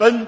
Pan